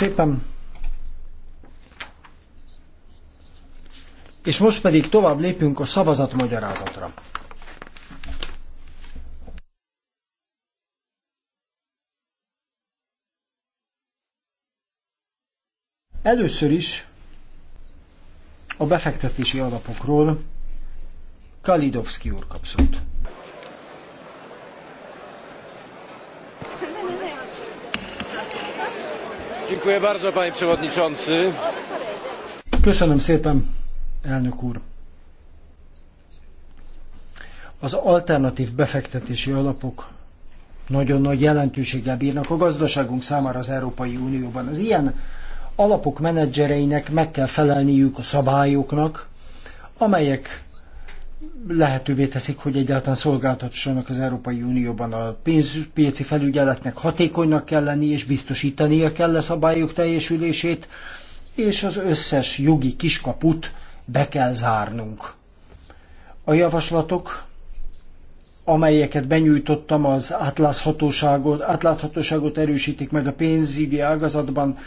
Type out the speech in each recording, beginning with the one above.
szépen. És most pedig tovább lépünk a magyarázatra. Először is a befektetési alapokról Kalidovszki úr kapszott. Köszönöm szépen, elnök úr. Az alternatív befektetési alapok nagyon nagy jelentőséggel bírnak a gazdaságunk számára az Európai Unióban. Az ilyen alapok menedzsereinek meg kell felelniük a szabályoknak, amelyek lehetővé teszik, hogy egyáltalán szolgáltatassanak az Európai Unióban. A pénzpiaci felügyeletnek hatékonynak kell lenni, és biztosítania kell a szabályok teljesülését, és az összes jogi kiskaput be kell zárnunk. A javaslatok, amelyeket benyújtottam, az átláthatóságot, átláthatóságot erősítik meg a pénzügyi ágazatban,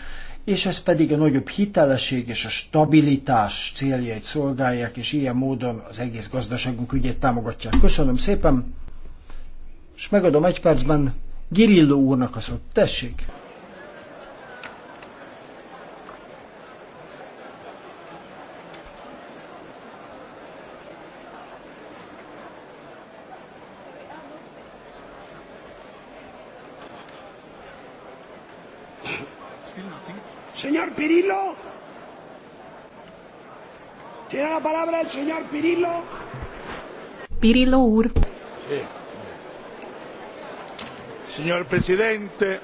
és ez pedig a nagyobb hitelesség és a stabilitás céljait szolgálják, és ilyen módon az egész gazdaságunk ügyét támogatják. Köszönöm szépen, és megadom egy percben Girillo úrnak a szót. Tessék! Pirillo. Tiene la palabra el señor Pirillo. Pirillo Ur. Sí. Señor Presidente.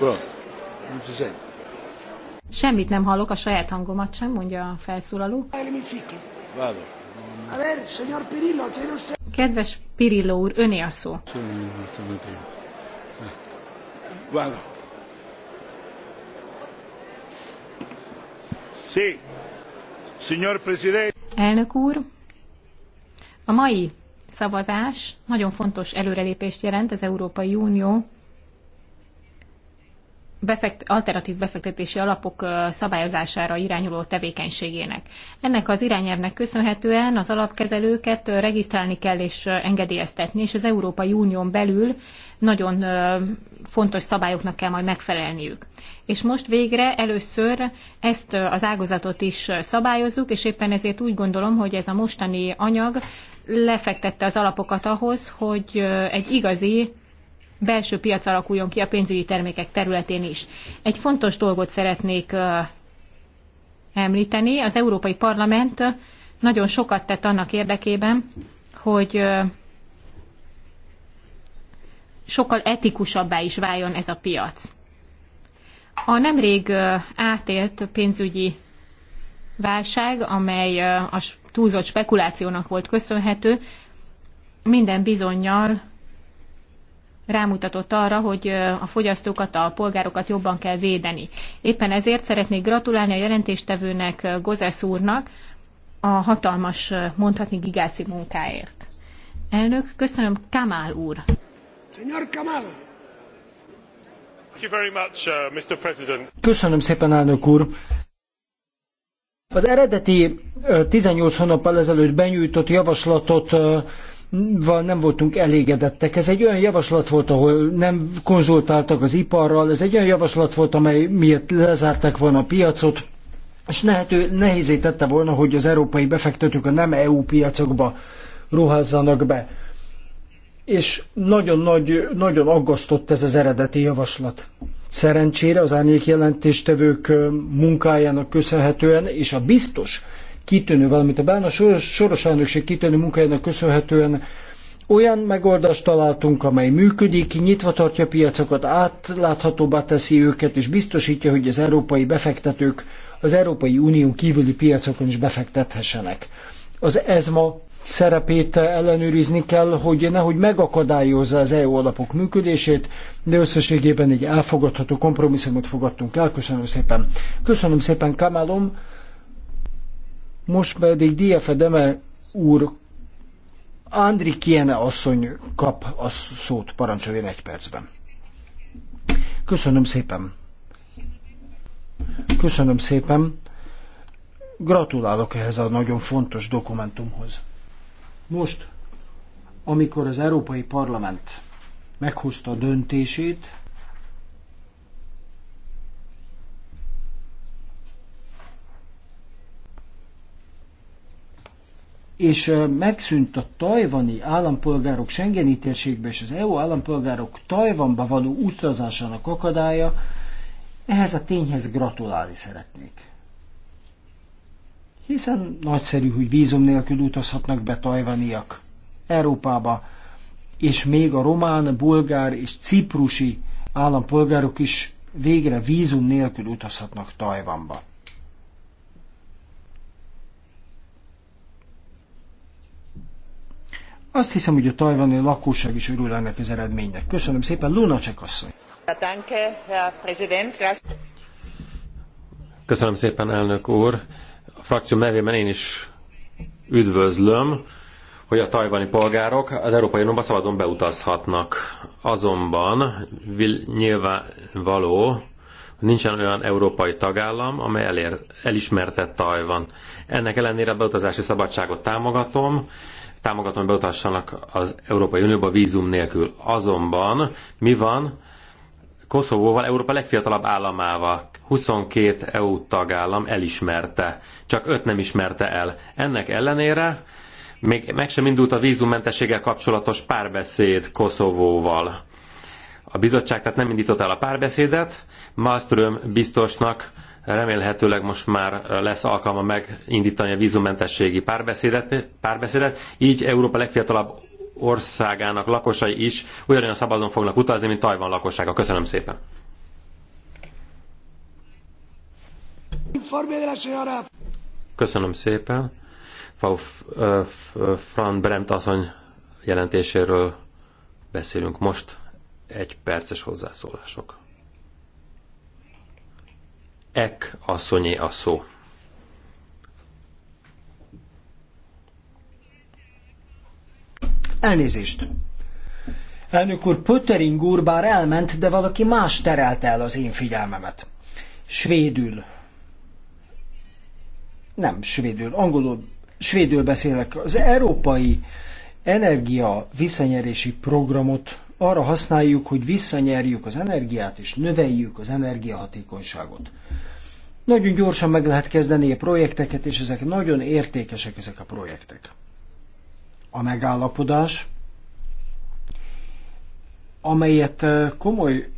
Pronto. Non sente. Semmit nem hallok, a saját hangomat sem, mondja a felszólaló. A ver, señor Pirillo, tiene usted... Kedves Pirilló úr, öné a szó. Sí. Signor Presidente. Elnök úr, a mai szavazás nagyon fontos előrelépést jelent az Európai Unió befekt, alternatív befektetési alapok szabályozására irányuló tevékenységének. Ennek az irányelvnek köszönhetően az alapkezelőket regisztrálni kell és engedélyeztetni, és az Európai Unión belül nagyon fontos szabályoknak kell majd megfelelniük. És most végre először ezt az ágazatot is szabályozzuk, és éppen ezért úgy gondolom, hogy ez a mostani anyag lefektette az alapokat ahhoz, hogy egy igazi belső piac alakuljon ki a pénzügyi termékek területén is. Egy fontos dolgot szeretnék említeni. Az Európai Parlament nagyon sokat tett annak érdekében, hogy sokkal etikusabbá is váljon ez a piac. A nemrég átélt pénzügyi válság, amely a túlzott spekulációnak volt köszönhető, minden bizonyal rámutatott arra, hogy a fogyasztókat, a polgárokat jobban kell védeni. Éppen ezért szeretnék gratulálni a jelentéstevőnek, Gozesz úrnak, a hatalmas, mondhatni gigászi munkáért. Elnök, köszönöm, Kamál úr. Senyor Kamál! Uh, köszönöm szépen, elnök úr! Az eredeti 18 hónappal ezelőtt benyújtott javaslatot nem voltunk elégedettek. Ez egy olyan javaslat volt, ahol nem konzultáltak az iparral, ez egy olyan javaslat volt, amely miatt lezárták volna a piacot, és nehető, nehézé tette volna, hogy az európai befektetők a nem EU piacokba ruházzanak be. És nagyon, nagy, nagyon aggasztott ez az eredeti javaslat. Szerencsére az árnyék jelentéstevők munkájának köszönhetően, és a biztos kitűnő, valamint a Bána soros, soros elnökség kitűnő munkájának köszönhetően olyan megoldást találtunk, amely működik, nyitva tartja a piacokat, átláthatóbbá teszi őket, és biztosítja, hogy az európai befektetők az Európai Unión kívüli piacokon is befektethessenek. Az ESMA szerepét ellenőrizni kell, hogy nehogy megakadályozza az EU alapok működését, de összességében egy elfogadható kompromisszumot fogadtunk el. Köszönöm szépen. Köszönöm szépen, Kamalom. Most pedig Diafe Demel úr, Andri Kiene asszony kap a szót, parancsoljon egy percben. Köszönöm szépen. Köszönöm szépen. Gratulálok ehhez a nagyon fontos dokumentumhoz. Most, amikor az Európai Parlament meghozta a döntését, és megszűnt a tajvani állampolgárok Schengeni térségbe és az EU állampolgárok Tajvanba való utazásának akadálya, ehhez a tényhez gratulálni szeretnék. Hiszen nagyszerű, hogy vízum nélkül utazhatnak be tajvaniak Európába, és még a román, bulgár és ciprusi állampolgárok is végre vízum nélkül utazhatnak Tajvanba. Azt hiszem, hogy a tajvani lakosság is örül ennek az eredménynek. Köszönöm szépen, Luna asszony. Köszönöm szépen, elnök úr. A frakció nevében én is üdvözlöm, hogy a tajvani polgárok az Európai Unióba szabadon beutazhatnak. Azonban nyilvánvaló, nincsen olyan európai tagállam, amely elér, elismertett Tajvan. Ennek ellenére a beutazási szabadságot támogatom, támogatom, hogy beutassanak az Európai Unióba vízum nélkül. Azonban mi van Koszovóval, Európa legfiatalabb államával? 22 EU tagállam elismerte, csak 5 nem ismerte el. Ennek ellenére még meg sem indult a vízummentességgel kapcsolatos párbeszéd Koszovóval. A bizottság tehát nem indított el a párbeszédet, Malmström biztosnak remélhetőleg most már lesz alkalma megindítani a vízumentességi párbeszédet, párbeszédet. Így Európa legfiatalabb országának lakosai is ugyanolyan szabadon fognak utazni, mint Tajvan lakossága. Köszönöm szépen. Köszönöm szépen. Fauf, eh, eh, Fran Bremt asszony jelentéséről beszélünk most. Egy perces hozzászólások. Ek asszonyé a szó. Elnézést! Elnök úr, Pöttering úr bár elment, de valaki más terelte el az én figyelmemet. Svédül. Nem, svédül, angolul, svédül beszélek. Az európai energia visszanyerési programot arra használjuk, hogy visszanyerjük az energiát és növeljük az energiahatékonyságot. Nagyon gyorsan meg lehet kezdeni a projekteket, és ezek nagyon értékesek ezek a projektek. A megállapodás, amelyet eh, komoly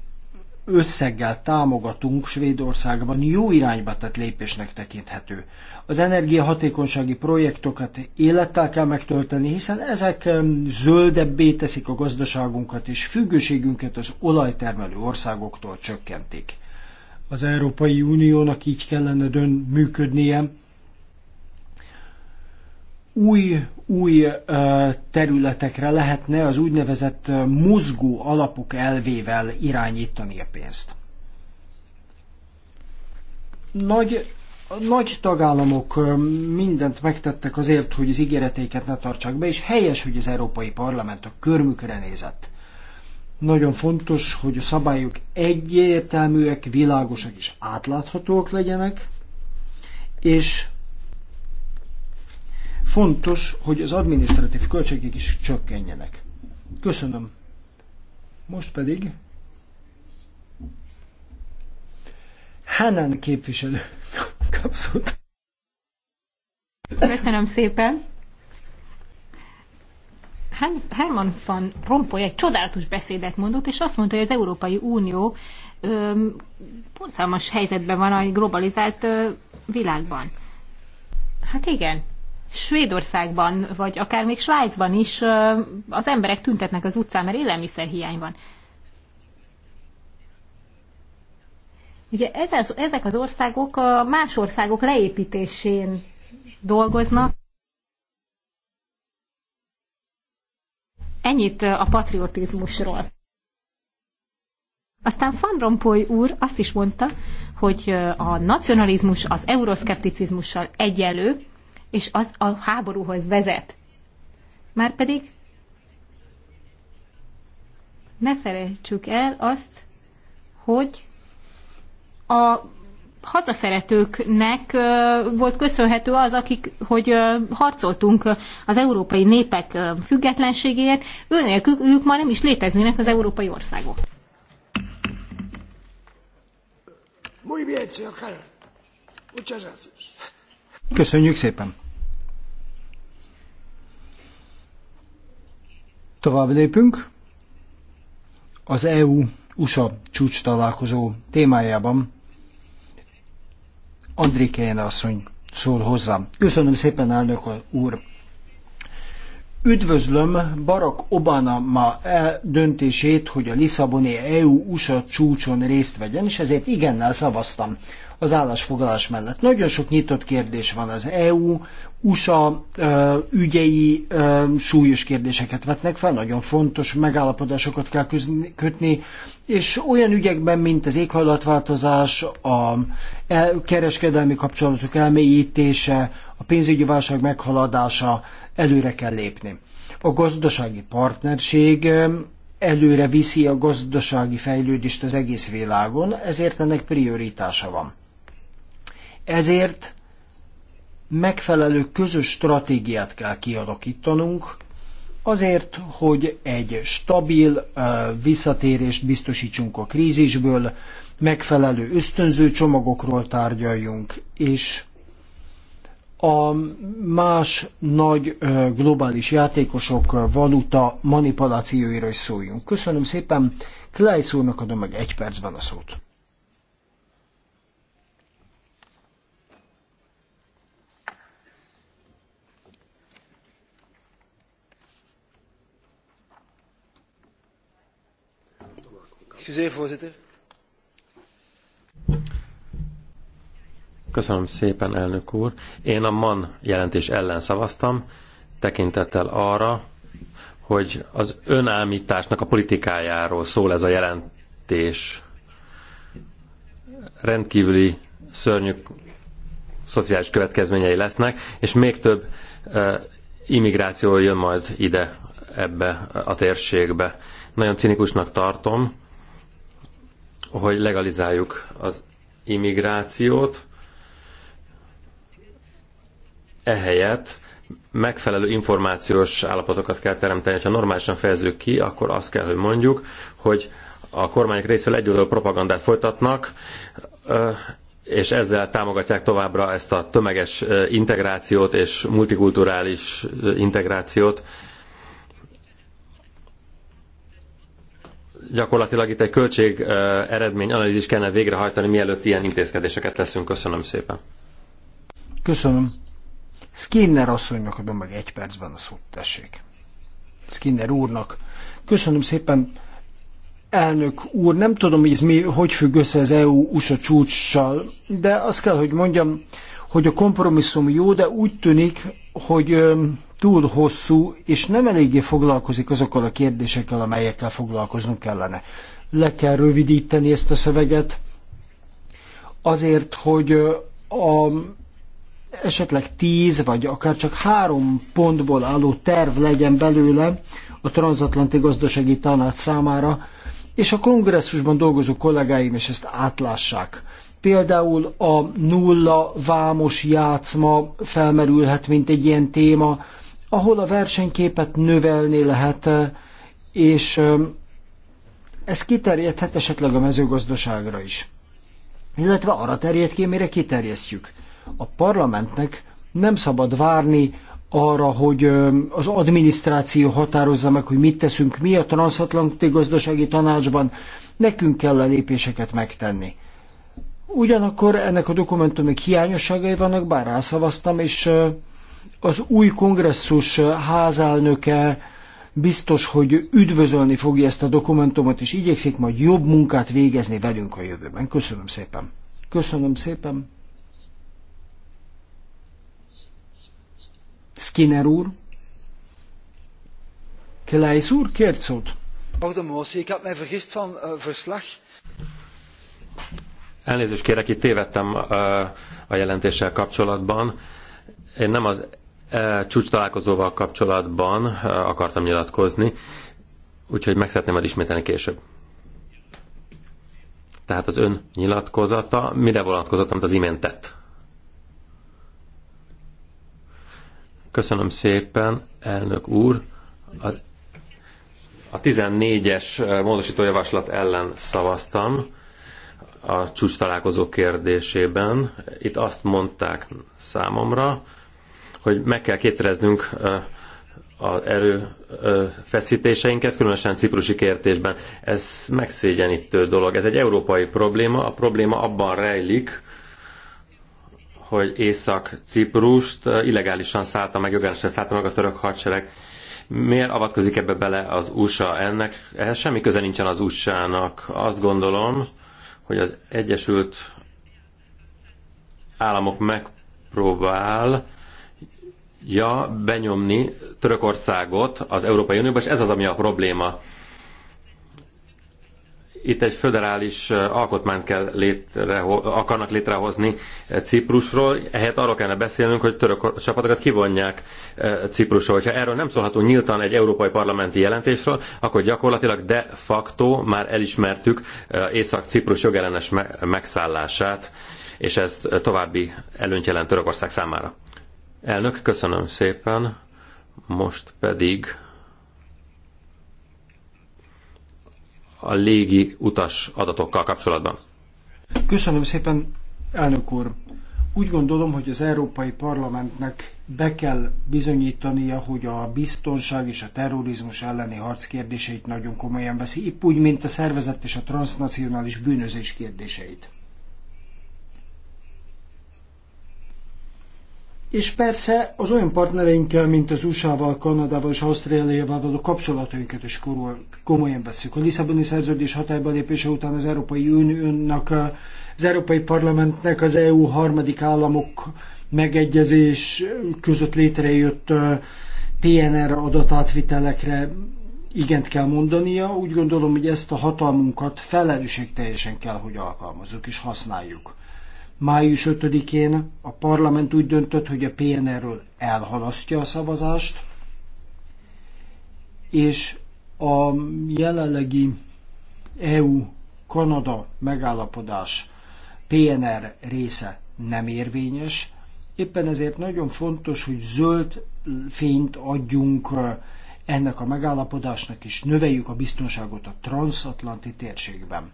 összeggel támogatunk Svédországban jó irányba tett lépésnek tekinthető. Az energiahatékonysági projektokat élettel kell megtölteni, hiszen ezek zöldebbé teszik a gazdaságunkat, és függőségünket az olajtermelő országoktól csökkentik. Az Európai Uniónak így kellene dön működnie, új, új területekre lehetne az úgynevezett mozgó alapok elvével irányítani a pénzt. Nagy, nagy tagállamok mindent megtettek azért, hogy az ígéreteiket ne tartsák be, és helyes, hogy az Európai Parlament a körmükre nézett. Nagyon fontos, hogy a szabályok egyértelműek, világosak és átláthatóak legyenek, és Fontos, hogy az adminisztratív költségek is csökkenjenek. Köszönöm. Most pedig Hanan képviselő kapszott. Köszönöm szépen. Herman van Rompuy egy csodálatos beszédet mondott, és azt mondta, hogy az Európai Unió öm, borzalmas helyzetben van a globalizált ö, világban. Hát igen, Svédországban, vagy akár még Svájcban is az emberek tüntetnek az utcán, mert élelmiszerhiány van. Ugye ez, ezek az országok a más országok leépítésén dolgoznak. Ennyit a patriotizmusról. Aztán Van Rompuy úr azt is mondta, hogy a nacionalizmus az euroszkepticizmussal egyelő, és az a háborúhoz vezet. Márpedig ne felejtsük el azt, hogy a hazaszeretőknek volt köszönhető az, akik, hogy harcoltunk az európai népek függetlenségéért, ők már nem is léteznének az európai országok. Köszönjük szépen! Tovább lépünk. Az EU-USA csúcs találkozó témájában Andrikéjén asszony szól hozzám. Köszönöm szépen, elnök úr! Üdvözlöm Barack Obama e döntését, hogy a Lisszaboni EU-USA csúcson részt vegyen, és ezért igennel szavaztam az állásfoglalás mellett. Nagyon sok nyitott kérdés van az EU, USA e, ügyei e, súlyos kérdéseket vetnek fel, nagyon fontos megállapodásokat kell kötni, és olyan ügyekben, mint az éghajlatváltozás, a kereskedelmi kapcsolatok elmélyítése, a pénzügyi válság meghaladása, Előre kell lépni. A gazdasági partnerség előre viszi a gazdasági fejlődést az egész világon, ezért ennek prioritása van. Ezért megfelelő közös stratégiát kell kialakítanunk, azért, hogy egy stabil visszatérést biztosítsunk a krízisből, megfelelő ösztönző csomagokról tárgyaljunk, és a más nagy globális játékosok valuta manipulációira is szóljunk. Köszönöm szépen, Klejsz úrnak adom meg egy percben a szót. Excuseer, voorzitter. Köszönöm szépen, elnök úr. Én a MAN jelentés ellen szavaztam, tekintettel arra, hogy az önállításnak a politikájáról szól ez a jelentés. Rendkívüli szörnyű szociális következményei lesznek, és még több immigráció jön majd ide ebbe a térségbe. Nagyon cinikusnak tartom, hogy legalizáljuk az immigrációt, ehelyett megfelelő információs állapotokat kell teremteni. Ha normálisan fejezzük ki, akkor azt kell, hogy mondjuk, hogy a kormányok részéről egyoldalú propagandát folytatnak, és ezzel támogatják továbbra ezt a tömeges integrációt és multikulturális integrációt. Gyakorlatilag itt egy költség eredmény analízis kellene végrehajtani, mielőtt ilyen intézkedéseket leszünk. Köszönöm szépen. Köszönöm. Skinner asszonynak adom meg egy percben a szót, tessék. Skinner úrnak. Köszönöm szépen, elnök úr. Nem tudom, hogy ez mi, hogy függ össze az EU-USA csúcssal, de azt kell, hogy mondjam, hogy a kompromisszum jó, de úgy tűnik, hogy túl hosszú, és nem eléggé foglalkozik azokkal a kérdésekkel, amelyekkel foglalkoznunk kellene. Le kell rövidíteni ezt a szöveget, azért, hogy a esetleg tíz, vagy akár csak három pontból álló terv legyen belőle a Transatlanti Gazdasági Tanács számára, és a kongresszusban dolgozó kollégáim is ezt átlássák. Például a nulla vámos játszma felmerülhet, mint egy ilyen téma, ahol a versenyképet növelni lehet, és ez kiterjedhet esetleg a mezőgazdaságra is. Illetve arra terjed ki, mire kiterjesztjük. A parlamentnek nem szabad várni arra, hogy az adminisztráció határozza meg, hogy mit teszünk mi a transatlanti gazdasági tanácsban, nekünk kell a lépéseket megtenni. Ugyanakkor ennek a dokumentumnak hiányosságai vannak, bár rászavaztam, és az új kongresszus házelnöke biztos, hogy üdvözölni fogja ezt a dokumentumot, és igyekszik majd jobb munkát végezni velünk a jövőben. Köszönöm szépen. Köszönöm szépen. Skinner úr. Kleis úr, kért szót. Eh, verslag. Elnézést kérek, itt tévedtem eh, a jelentéssel kapcsolatban. Én nem az eh, csúcs találkozóval kapcsolatban akartam nyilatkozni, úgyhogy meg szeretném majd ismételni később. Tehát az ön nyilatkozata, mire vonatkozott, amit az imént tett? Köszönöm szépen, elnök úr. A, a 14-es eh, módosítójavaslat ellen szavaztam a csúcs találkozó kérdésében. Itt azt mondták számomra, hogy meg kell kétszereznünk eh, az erőfeszítéseinket, eh, különösen ciprusi kértésben. Ez megszégyenítő dolog. Ez egy európai probléma. A probléma abban rejlik, hogy Észak-Ciprust eh, illegálisan szállta meg, jogálisan szállta meg a török hadsereg. Miért avatkozik ebbe bele az USA ennek? Ehhez semmi köze nincsen az USA-nak. Azt gondolom, hogy az Egyesült Államok megpróbál ja, benyomni Törökországot az Európai Unióba, és ez az, ami a probléma itt egy föderális alkotmányt kell létre akarnak létrehozni Ciprusról. Ehhez arról kellene beszélnünk, hogy török csapatokat kivonják Ciprusról. Ha erről nem szólhatunk nyíltan egy európai parlamenti jelentésről, akkor gyakorlatilag de facto már elismertük Észak-Ciprus jogellenes megszállását, és ez további előnyt jelent Törökország számára. Elnök, köszönöm szépen. Most pedig a légi utas adatokkal kapcsolatban. Köszönöm szépen, elnök úr. Úgy gondolom, hogy az Európai Parlamentnek be kell bizonyítania, hogy a biztonság és a terrorizmus elleni harc kérdéseit nagyon komolyan veszi, épp úgy, mint a szervezet és a transnacionális bűnözés kérdéseit. És persze az olyan partnereinkkel, mint az USA-val, Kanadával és Ausztráliával való kapcsolatainkat is komolyan veszük. A Lisszaboni szerződés hatályba lépése után az Európai Uniónak, az Európai Parlamentnek az EU harmadik államok megegyezés között létrejött PNR adatátvitelekre igent kell mondania. Úgy gondolom, hogy ezt a hatalmunkat felelősségteljesen kell, hogy alkalmazzuk és használjuk. Május 5-én a parlament úgy döntött, hogy a PNR-ről elhalasztja a szavazást, és a jelenlegi EU-Kanada megállapodás PNR része nem érvényes, éppen ezért nagyon fontos, hogy zöld fényt adjunk ennek a megállapodásnak, és növeljük a biztonságot a transatlanti térségben.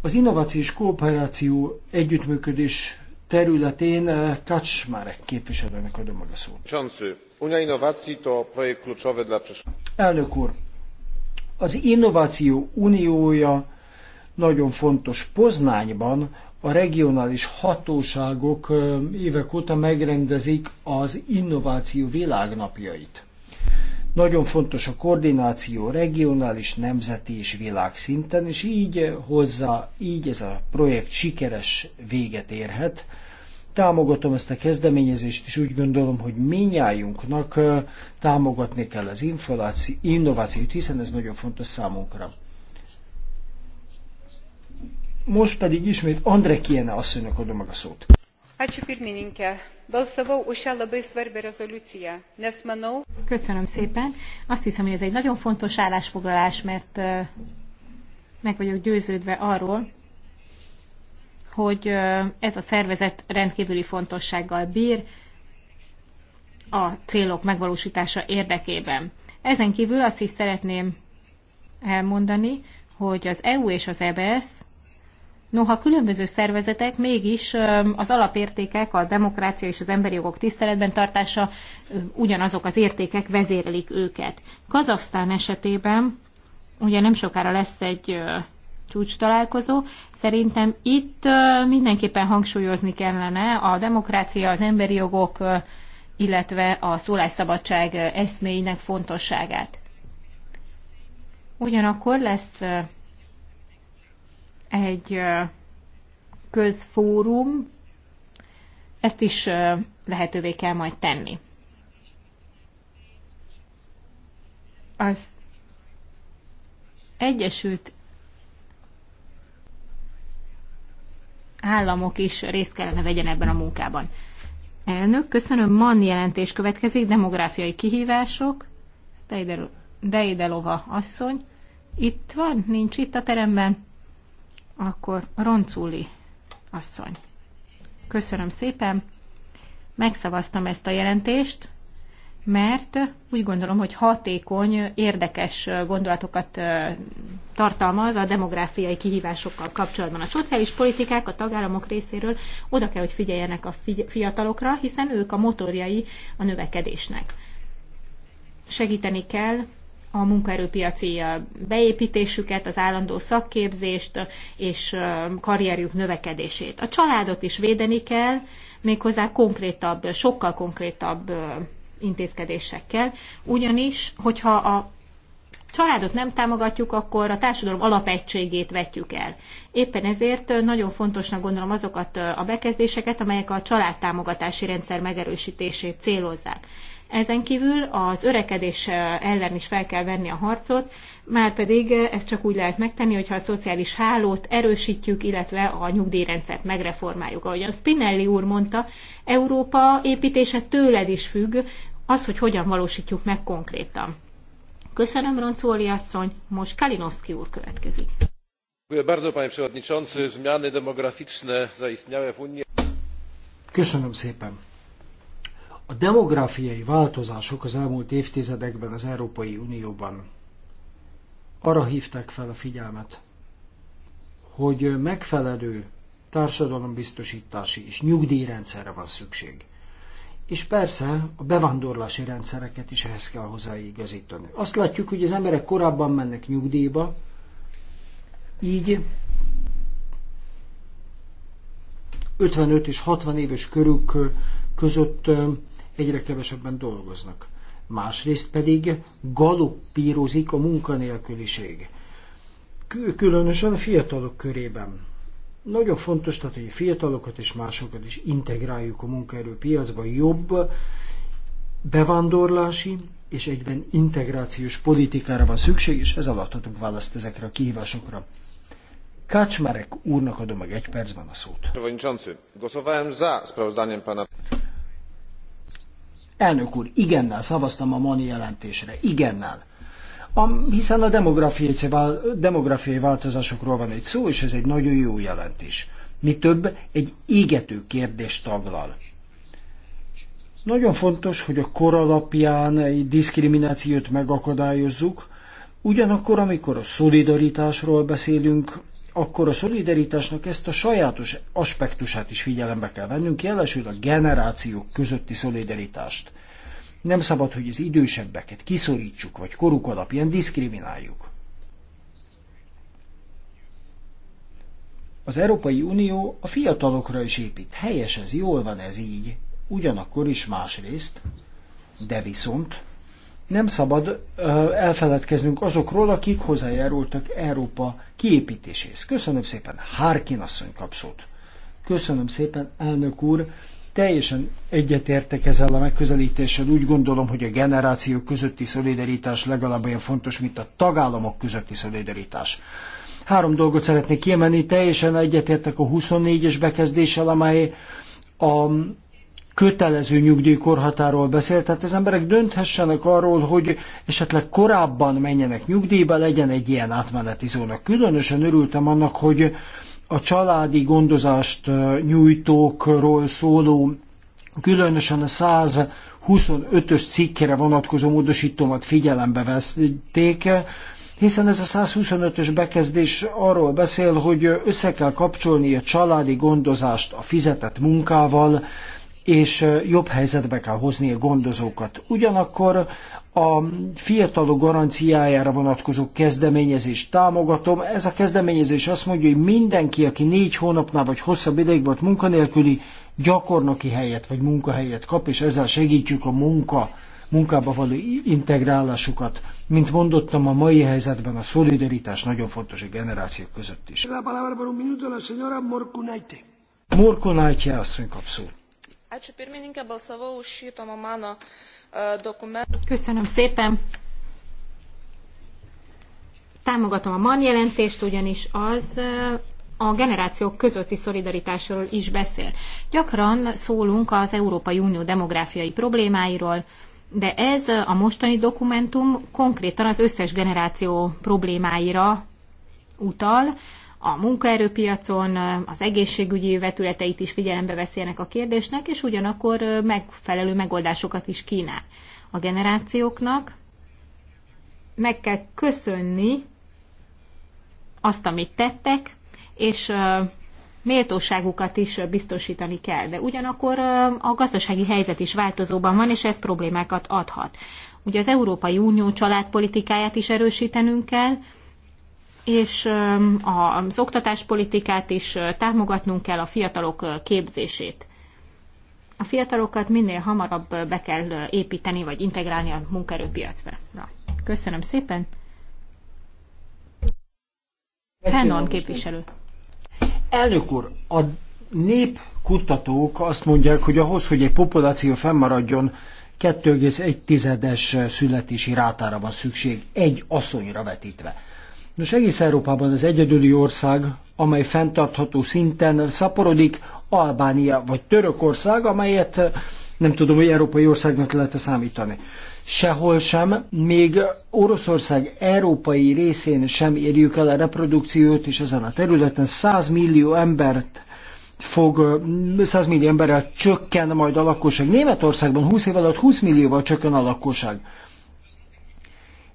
Az innovációs kooperáció együttműködés területén eh, Kaczmarek képviselőnek adom meg a szót. Unia Innowacji to projekt kluczowy dla Elnök úr, az Innováció Uniója nagyon fontos. Poznányban a regionális hatóságok eh, évek óta megrendezik az innováció világnapjait. Nagyon fontos a koordináció regionális, nemzeti és világszinten, és így hozzá, így ez a projekt sikeres véget érhet. Támogatom ezt a kezdeményezést, és úgy gondolom, hogy minnyájunknak támogatni kell az innovációt, hiszen ez nagyon fontos számunkra. Most pedig ismét André Kiene asszonynak adom meg a szót balsavau už šią labai svarbią rezoliuciją nes manau. Köszönöm szépen. Azt hiszem, hogy ez egy nagyon fontos állásfoglalás, mert meg vagyok győződve arról, hogy ez a szervezet rendkívüli fontossággal bír a célok megvalósítása érdekében. Ezen kívül azt is szeretném elmondani, hogy az EU és az EBS e Noha különböző szervezetek mégis az alapértékek, a demokrácia és az emberi jogok tiszteletben tartása ugyanazok az értékek vezérelik őket. Kazasztán esetében ugye nem sokára lesz egy csúcs találkozó. Szerintem itt mindenképpen hangsúlyozni kellene a demokrácia, az emberi jogok, illetve a szólásszabadság eszméinek fontosságát. Ugyanakkor lesz egy közfórum, ezt is lehetővé kell majd tenni. Az Egyesült államok is részt kellene vegyen ebben a munkában. Elnök, köszönöm. Man jelentés következik, demográfiai kihívások. Deidelova asszony. Itt van? Nincs itt a teremben? Akkor Roncúli asszony. Köszönöm szépen. Megszavaztam ezt a jelentést, mert úgy gondolom, hogy hatékony, érdekes gondolatokat tartalmaz a demográfiai kihívásokkal kapcsolatban. A szociális politikák a tagállamok részéről oda kell, hogy figyeljenek a fiatalokra, hiszen ők a motorjai a növekedésnek. Segíteni kell a munkaerőpiaci beépítésüket, az állandó szakképzést és karrierjük növekedését. A családot is védeni kell, méghozzá konkrétabb, sokkal konkrétabb intézkedésekkel, ugyanis, hogyha a családot nem támogatjuk, akkor a társadalom alapegységét vetjük el. Éppen ezért nagyon fontosnak gondolom azokat a bekezdéseket, amelyek a családtámogatási rendszer megerősítését célozzák. Ezen kívül az örekedés ellen is fel kell venni a harcot, már pedig ezt csak úgy lehet megtenni, hogyha a szociális hálót erősítjük, illetve a nyugdíjrendszert megreformáljuk. Ahogy a Spinelli úr mondta, Európa építése tőled is függ, az, hogy hogyan valósítjuk meg konkrétan. Köszönöm, Roncóli asszony, most Kalinowski úr következik. Köszönöm szépen. A demográfiai változások az elmúlt évtizedekben az Európai Unióban arra hívták fel a figyelmet, hogy megfelelő társadalombiztosítási és nyugdíjrendszerre van szükség. És persze a bevándorlási rendszereket is ehhez kell hozzáigazítani. Azt látjuk, hogy az emberek korábban mennek nyugdíjba, így 55 és 60 éves körük között egyre kevesebben dolgoznak. Másrészt pedig galoppírozik a munkanélküliség. Különösen a fiatalok körében. Nagyon fontos, tehát, hogy a fiatalokat és másokat is integráljuk a munkaerőpiacba jobb bevándorlási és egyben integrációs politikára van szükség, és ez alatt adunk választ ezekre a kihívásokra. Kaczmarek úrnak adom meg egy percben a szót. Elnök úr, igennel szavaztam a Mani jelentésre, igennel. A, hiszen a demográfiai változásokról van egy szó, és ez egy nagyon jó jelentés. Mi több, egy égető kérdést taglal. Nagyon fontos, hogy a kor alapján egy diszkriminációt megakadályozzuk, ugyanakkor, amikor a szolidaritásról beszélünk, akkor a szolidaritásnak ezt a sajátos aspektusát is figyelembe kell vennünk, jelesül a generációk közötti szolidaritást. Nem szabad, hogy az idősebbeket kiszorítsuk, vagy koruk alapján diszkrimináljuk. Az Európai Unió a fiatalokra is épít. Helyes ez, jól van ez így. Ugyanakkor is másrészt, de viszont nem szabad elfeledkeznünk azokról, akik hozzájárultak Európa kiépítéséhez. Köszönöm szépen, Harkin asszony kapszót. Köszönöm szépen, elnök úr. Teljesen egyetértek ezzel a megközelítéssel. Úgy gondolom, hogy a generációk közötti szolidaritás legalább olyan fontos, mint a tagállamok közötti szolidaritás. Három dolgot szeretnék kiemelni. Teljesen egyetértek a 24-es bekezdéssel, amely a kötelező nyugdíjkorhatáról beszél, tehát az emberek dönthessenek arról, hogy esetleg korábban menjenek nyugdíjba, legyen egy ilyen átmeneti zóna. Különösen örültem annak, hogy a családi gondozást nyújtókról szóló, különösen a 125-ös cikkre vonatkozó módosítómat figyelembe vették, hiszen ez a 125-ös bekezdés arról beszél, hogy össze kell kapcsolni a családi gondozást a fizetett munkával, és jobb helyzetbe kell hozni a gondozókat. Ugyanakkor a fiatalok garanciájára vonatkozó kezdeményezést támogatom. Ez a kezdeményezés azt mondja, hogy mindenki, aki négy hónapnál vagy hosszabb ideig volt munkanélküli, gyakornoki helyet vagy munkahelyet kap, és ezzel segítjük a munka munkába való integrálásukat. Mint mondottam, a mai helyzetben a szolidaritás nagyon fontos a generációk között is. Morkunájtje, azt mondjuk abszolút. E, Köszönöm szépen. Támogatom a MAN jelentést, ugyanis az e, a generációk közötti szolidaritásról is beszél. Gyakran szólunk az Európai Unió demográfiai problémáiról, de ez a mostani dokumentum konkrétan az összes generáció problémáira utal, a munkaerőpiacon az egészségügyi vetületeit is figyelembe veszélnek a kérdésnek, és ugyanakkor megfelelő megoldásokat is kínál a generációknak. Meg kell köszönni azt, amit tettek, és méltóságukat is biztosítani kell. De ugyanakkor a gazdasági helyzet is változóban van, és ez problémákat adhat. Ugye az Európai Unió családpolitikáját is erősítenünk kell, és az oktatáspolitikát is támogatnunk kell a fiatalok képzését. A fiatalokat minél hamarabb be kell építeni, vagy integrálni a munkaerőpiacra. Köszönöm szépen! Hennon képviselő. Elnök úr, a népkutatók azt mondják, hogy ahhoz, hogy egy populáció fennmaradjon, 2,1-es születési rátára van szükség, egy asszonyra vetítve. Nos, egész Európában az egyedüli ország, amely fenntartható szinten szaporodik, Albánia vagy Törökország, amelyet eh, nem tudom, hogy európai országnak lehet -e számítani. Sehol sem, még Oroszország európai részén sem érjük el a reprodukciót, és ezen a területen 100 millió embert fog 100 eh, millió emberrel csökken majd a lakosság. Németországban 20 év alatt 20 millióval csökken a lakosság.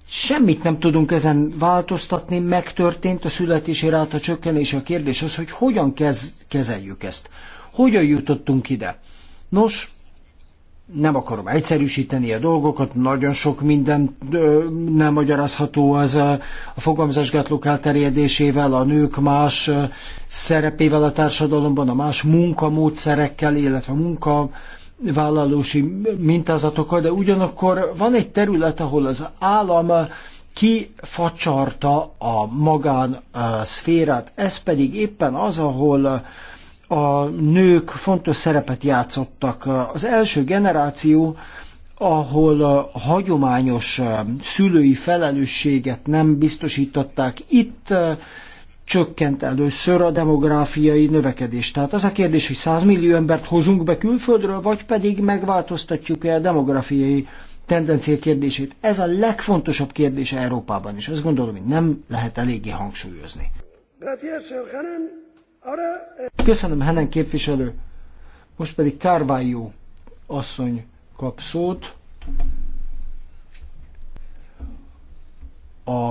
Semmit nem tudunk ezen változtatni, megtörtént a születési ráta csökkenés. A kérdés az, hogy hogyan kez, kezeljük ezt. Hogyan jutottunk ide? Nos, nem akarom egyszerűsíteni a dolgokat, nagyon sok minden ö, nem magyarázható az a, a fogamzásgátlók elterjedésével, a nők más szerepével a társadalomban, a más munkamódszerekkel, illetve munka vállalósi mintázatokkal, de ugyanakkor van egy terület, ahol az állam kifacsarta a magán szférát, ez pedig éppen az, ahol a nők fontos szerepet játszottak. Az első generáció, ahol a hagyományos szülői felelősséget nem biztosították, itt csökkent először a demográfiai növekedés. Tehát az a kérdés, hogy 100 millió embert hozunk be külföldről, vagy pedig megváltoztatjuk-e a demográfiai tendencia kérdését. Ez a legfontosabb kérdés Európában, is. azt gondolom, hogy nem lehet eléggé hangsúlyozni. Eh, Köszönöm, Henen képviselő. Most pedig Kárvályó asszony kap szót. A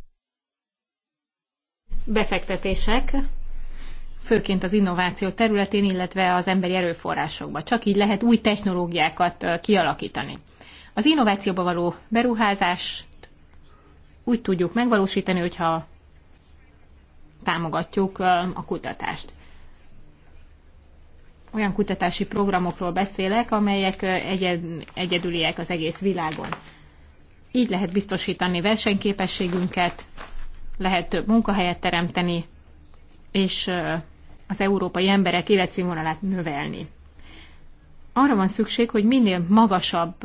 befektetések, főként az innováció területén, illetve az emberi erőforrásokba. Csak így lehet új technológiákat kialakítani. Az innovációba való beruházást úgy tudjuk megvalósítani, hogyha támogatjuk a kutatást. Olyan kutatási programokról beszélek, amelyek egyed, egyedüliek az egész világon. Így lehet biztosítani versenyképességünket, lehet több munkahelyet teremteni, és az európai emberek életszínvonalát növelni. Arra van szükség, hogy minél magasabb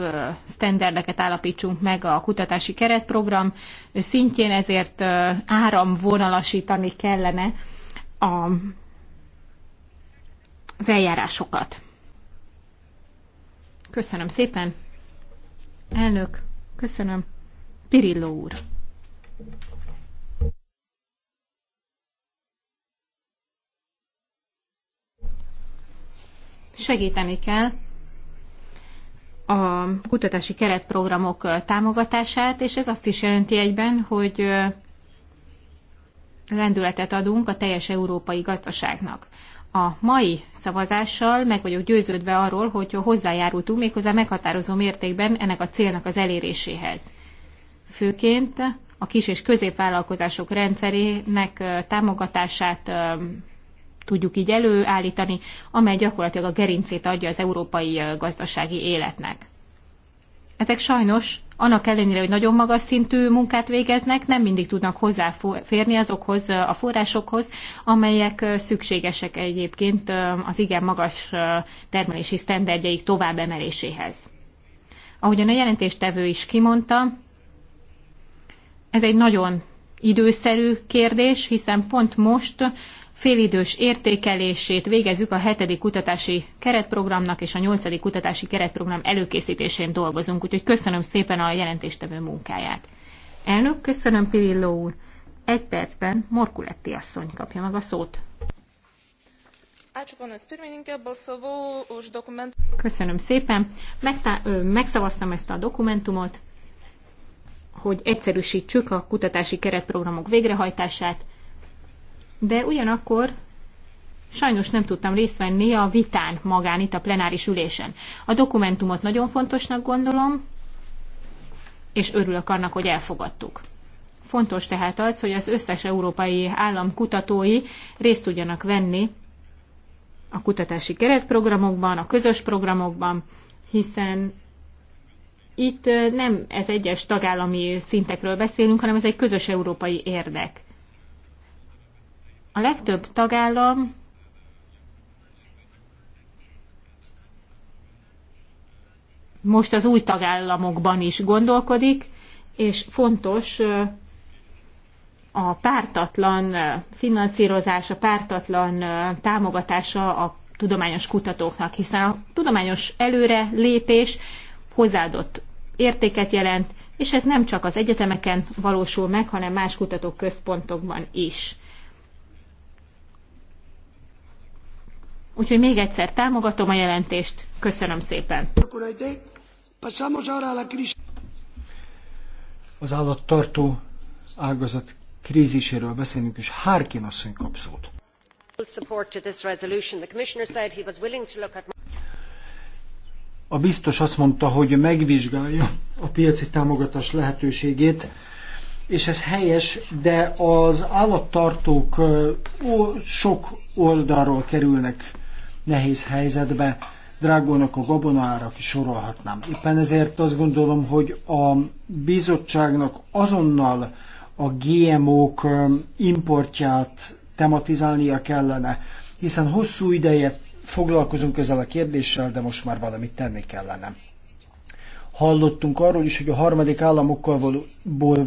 sztenderdeket állapítsunk meg a kutatási keretprogram szintjén, ezért áramvonalasítani kellene a, az eljárásokat. Köszönöm szépen. Elnök, köszönöm. Pirilló úr. segíteni kell a kutatási keretprogramok támogatását, és ez azt is jelenti egyben, hogy lendületet adunk a teljes európai gazdaságnak. A mai szavazással meg vagyok győződve arról, hogy hozzájárultunk méghozzá meghatározó mértékben ennek a célnak az eléréséhez. Főként a kis és középvállalkozások rendszerének támogatását tudjuk így előállítani, amely gyakorlatilag a gerincét adja az európai gazdasági életnek. Ezek sajnos, annak ellenére, hogy nagyon magas szintű munkát végeznek, nem mindig tudnak hozzáférni azokhoz a forrásokhoz, amelyek szükségesek egyébként az igen magas termelési sztenderdjeik tovább emeléséhez. Ahogyan a jelentéstevő is kimondta, ez egy nagyon időszerű kérdés, hiszen pont most félidős értékelését végezzük a hetedik kutatási keretprogramnak és a nyolcadik kutatási keretprogram előkészítésén dolgozunk, úgyhogy köszönöm szépen a jelentéstevő munkáját. Elnök, köszönöm Pirilló úr. Egy percben Morkuletti asszony kapja meg a szót. Köszönöm szépen. Megtá- ö, megszavaztam ezt a dokumentumot, hogy egyszerűsítsük a kutatási keretprogramok végrehajtását, de ugyanakkor sajnos nem tudtam részt venni a vitán magán itt a plenáris ülésen. A dokumentumot nagyon fontosnak gondolom, és örülök annak, hogy elfogadtuk. Fontos tehát az, hogy az összes európai állam kutatói részt tudjanak venni a kutatási keretprogramokban, a közös programokban, hiszen itt nem ez egyes tagállami szintekről beszélünk, hanem ez egy közös európai érdek. A legtöbb tagállam most az új tagállamokban is gondolkodik, és fontos a pártatlan finanszírozás, a pártatlan támogatása a tudományos kutatóknak, hiszen a tudományos előre lépés hozzáadott értéket jelent, és ez nem csak az egyetemeken valósul meg, hanem más kutatóközpontokban is. Úgyhogy még egyszer támogatom a jelentést. Köszönöm szépen. Az állattartó ágazat kríziséről beszélünk, és Harkin asszony kap szót. A biztos azt mondta, hogy megvizsgálja a piaci támogatás lehetőségét, és ez helyes, de az állattartók sok oldalról kerülnek nehéz helyzetbe Drágónak a gabonára is sorolhatnám. Éppen ezért azt gondolom, hogy a bizottságnak azonnal a GMO-k um, importját tematizálnia kellene, hiszen hosszú ideje foglalkozunk ezzel a kérdéssel, de most már valamit tenni kellene. Hallottunk arról is, hogy a harmadik államokkal való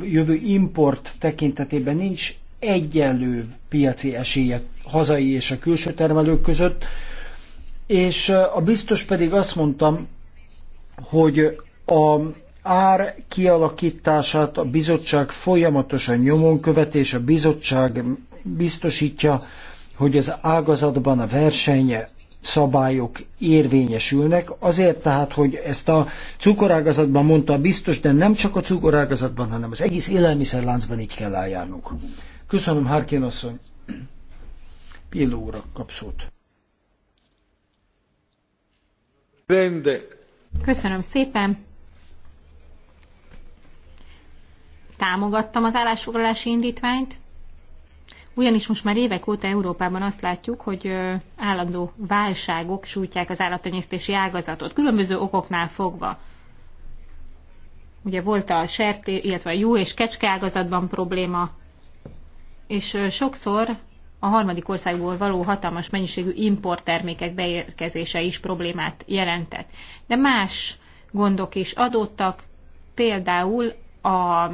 jövő import tekintetében nincs egyenlő piaci esélye hazai és a külső termelők között, és a biztos pedig azt mondtam, hogy a ár kialakítását a bizottság folyamatosan nyomon és a bizottság biztosítja, hogy az ágazatban a versenye szabályok érvényesülnek, azért tehát, hogy ezt a cukorágazatban mondta a biztos, de nem csak a cukorágazatban, hanem az egész élelmiszerláncban így kell eljárnunk. Köszönöm, Harkin asszony. Pilóra kapszót. Köszönöm szépen. Támogattam az állásfoglalási indítványt, ugyanis most már évek óta Európában azt látjuk, hogy állandó válságok sújtják az állattenyésztési ágazatot, különböző okoknál fogva. Ugye volt a serté, illetve a jó és kecske ágazatban probléma, és sokszor a harmadik országból való hatalmas mennyiségű importtermékek beérkezése is problémát jelentett. De más gondok is adottak, például a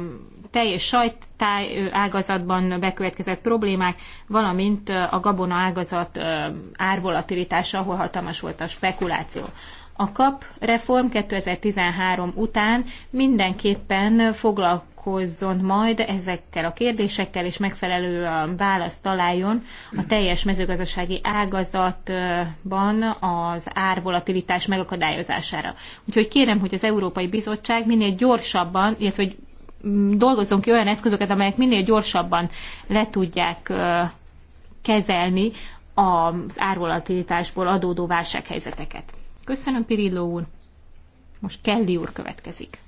tej és sajttáj ágazatban bekövetkezett problémák, valamint a gabona ágazat árvolatilitása, ahol hatalmas volt a spekuláció. A KAP reform 2013 után mindenképpen foglalkozott foglalkozzon majd ezekkel a kérdésekkel, és megfelelő választ találjon a teljes mezőgazdasági ágazatban az árvolatilitás megakadályozására. Úgyhogy kérem, hogy az Európai Bizottság minél gyorsabban, illetve hogy mm, dolgozzon ki olyan eszközöket, amelyek minél gyorsabban le tudják kezelni az árvolatilitásból adódó válsághelyzeteket. Köszönöm, Pirilló úr! Most Kelly úr következik.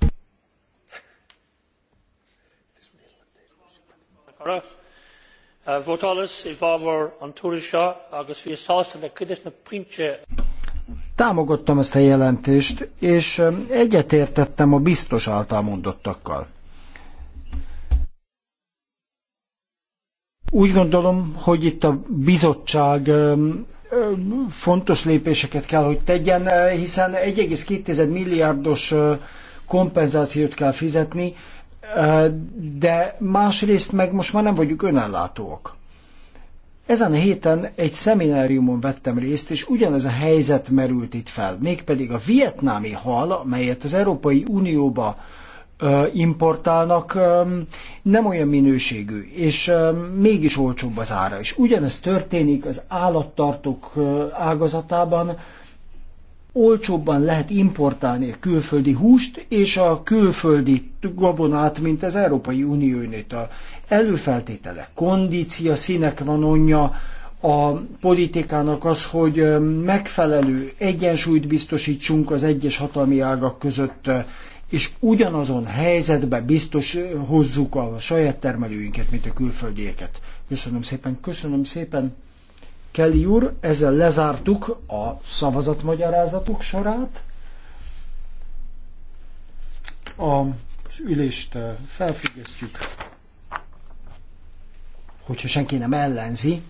Eh, Támogattam ezt a jelentést, és egyetértettem a biztos által mondottakkal. Úgy gondolom, hogy itt a bizottság fontos lépéseket kell, hogy tegyen, eh, hiszen 1,2 milliárdos eh, kompenzációt kell fizetni, de másrészt meg most már nem vagyunk önellátóak. Ezen a héten egy szemináriumon vettem részt, és ugyanez a helyzet merült itt fel, mégpedig a vietnámi hal, melyet az Európai Unióba importálnak, nem olyan minőségű, és mégis olcsóbb az ára. És ugyanez történik az állattartók ágazatában, olcsóbban lehet importálni a külföldi húst és a külföldi gabonát, mint az Európai a Előfeltétele, kondícia, színek van onja, a politikának az, hogy megfelelő egyensúlyt biztosítsunk az egyes hatalmi ágak között, és ugyanazon helyzetbe biztos hozzuk a saját termelőinket, mint a külföldieket. Köszönöm szépen, köszönöm szépen. Kelly úr, ezzel lezártuk a szavazatmagyarázatok sorát. A ülést eh, felfüggesztjük, hogyha senki nem ellenzi,